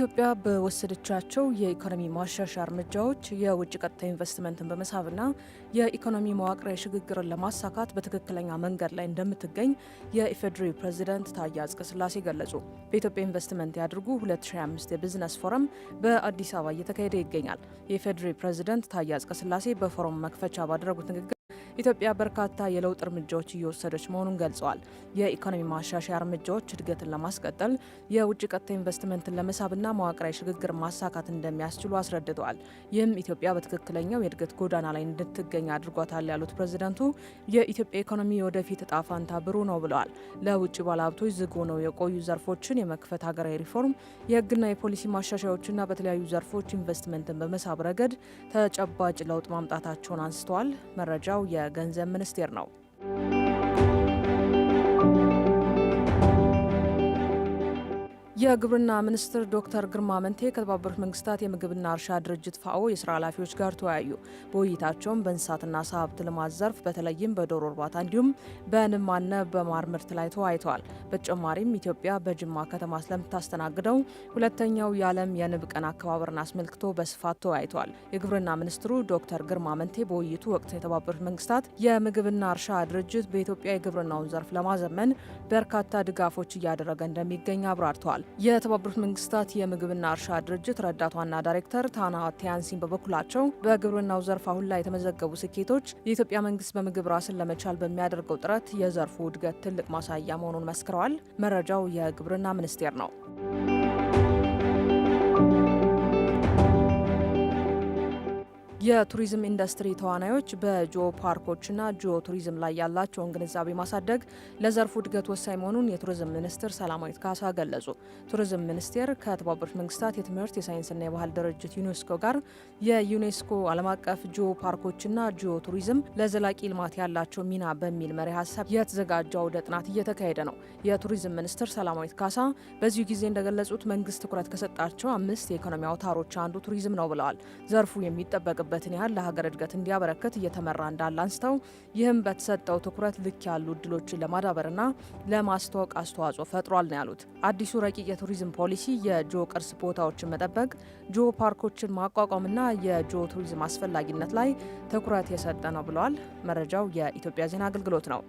ኢትዮጵያ በወሰደቻቸው የኢኮኖሚ ማሻሻያ እርምጃዎች የውጭ ቀጥታ ኢንቨስትመንትን በመሳብና የኢኮኖሚ መዋቅራዊ ሽግግርን ለማሳካት በትክክለኛ መንገድ ላይ እንደምትገኝ የኢፌዴሪ ፕሬዚዳንት ታዬ አጽቀሥላሴ ገለጹ። በኢትዮጵያ ኢንቨስትመንት ያድርጉ 2025 የቢዝነስ ፎረም በአዲስ አበባ እየተካሄደ ይገኛል። የኢፌዴሪ ፕሬዚዳንት ታዬ አጽቀሥላሴ በፎረም መክፈቻ ባደረጉት ንግግር ኢትዮጵያ በርካታ የለውጥ እርምጃዎች እየወሰደች መሆኑን ገልጸዋል። የኢኮኖሚ ማሻሻያ እርምጃዎች እድገትን ለማስቀጠል የውጭ ቀጥታ ኢንቨስትመንትን ለመሳብና መዋቅራዊ ሽግግር ማሳካት እንደሚያስችሉ አስረድተዋል። ይህም ኢትዮጵያ በትክክለኛው የእድገት ጎዳና ላይ እንድትገኝ አድርጓታል ያሉት ፕሬዚደንቱ የኢትዮጵያ ኢኮኖሚ የወደፊት እጣ ብሩ ብሩህ ነው ብለዋል። ለውጭ ባለሀብቶች ዝግ ሆነው የቆዩ ዘርፎችን የመክፈት ሀገራዊ ሪፎርም፣ የህግና የፖሊሲ ማሻሻያዎችና በተለያዩ ዘርፎች ኢንቨስትመንትን በመሳብ ረገድ ተጨባጭ ለውጥ ማምጣታቸውን አንስተዋል። መረጃው የ ገንዘብ ሚኒስቴር ነው። የግብርና ሚኒስትር ዶክተር ግርማ መንቴ ከተባበሩት መንግስታት የምግብና እርሻ ድርጅት ፋኦ የስራ ኃላፊዎች ጋር ተወያዩ። በውይይታቸውም በእንስሳትና ዓሳ ሀብት ልማት ዘርፍ በተለይም በዶሮ እርባታ እንዲሁም በንማነ በማር ምርት ላይ ተወያይተዋል። በተጨማሪም ኢትዮጵያ በጅማ ከተማ ስለምታስተናግደው ሁለተኛው የዓለም የንብ ቀን አከባበርን አስመልክቶ በስፋት ተወያይተዋል። የግብርና ሚኒስትሩ ዶክተር ግርማ መንቴ በውይይቱ ወቅት የተባበሩት መንግስታት የምግብና እርሻ ድርጅት በኢትዮጵያ የግብርናውን ዘርፍ ለማዘመን በርካታ ድጋፎች እያደረገ እንደሚገኝ አብራርተዋል። የተባበሩት መንግስታት የምግብና እርሻ ድርጅት ረዳት ዋና ዳይሬክተር ታና ቲያንሲን በበኩላቸው በግብርናው ዘርፍ አሁን ላይ የተመዘገቡ ስኬቶች የኢትዮጵያ መንግስት በምግብ ራስን ለመቻል በሚያደርገው ጥረት የዘርፉ እድገት ትልቅ ማሳያ መሆኑን መስክረዋል። መረጃው የግብርና ሚኒስቴር ነው። የቱሪዝም ኢንዱስትሪ ተዋናዮች በጂኦ ፓርኮችና ጂኦ ቱሪዝም ላይ ያላቸውን ግንዛቤ ማሳደግ ለዘርፉ እድገት ወሳኝ መሆኑን የቱሪዝም ሚኒስትር ሰላማዊት ካሳ ገለጹ። ቱሪዝም ሚኒስቴር ከተባበሩት መንግስታት የትምህርት የሳይንስና የባህል ድርጅት ዩኔስኮ ጋር የዩኔስኮ ዓለም አቀፍ ጂኦ ፓርኮችና ጂኦ ቱሪዝም ለዘላቂ ልማት ያላቸው ሚና በሚል መሪ ሀሳብ የተዘጋጀ አውደ ጥናት እየተካሄደ ነው። የቱሪዝም ሚኒስትር ሰላማዊት ካሳ በዚሁ ጊዜ እንደገለጹት መንግስት ትኩረት ከሰጣቸው አምስት የኢኮኖሚ አውታሮች አንዱ ቱሪዝም ነው ብለዋል። ዘርፉ የሚጠበቅበት የቻለበትን ያህል ለሀገር እድገት እንዲያበረክት እየተመራ እንዳለ አንስተው ይህም በተሰጠው ትኩረት ልክ ያሉ እድሎችን ለማዳበርና ለማስተዋወቅ አስተዋጽኦ ፈጥሯል ነው ያሉት። አዲሱ ረቂቅ የቱሪዝም ፖሊሲ የጆ ቅርስ ቦታዎችን መጠበቅ፣ ጆ ፓርኮችን ማቋቋምና የጆ ቱሪዝም አስፈላጊነት ላይ ትኩረት የሰጠ ነው ብለዋል። መረጃው የኢትዮጵያ ዜና አገልግሎት ነው።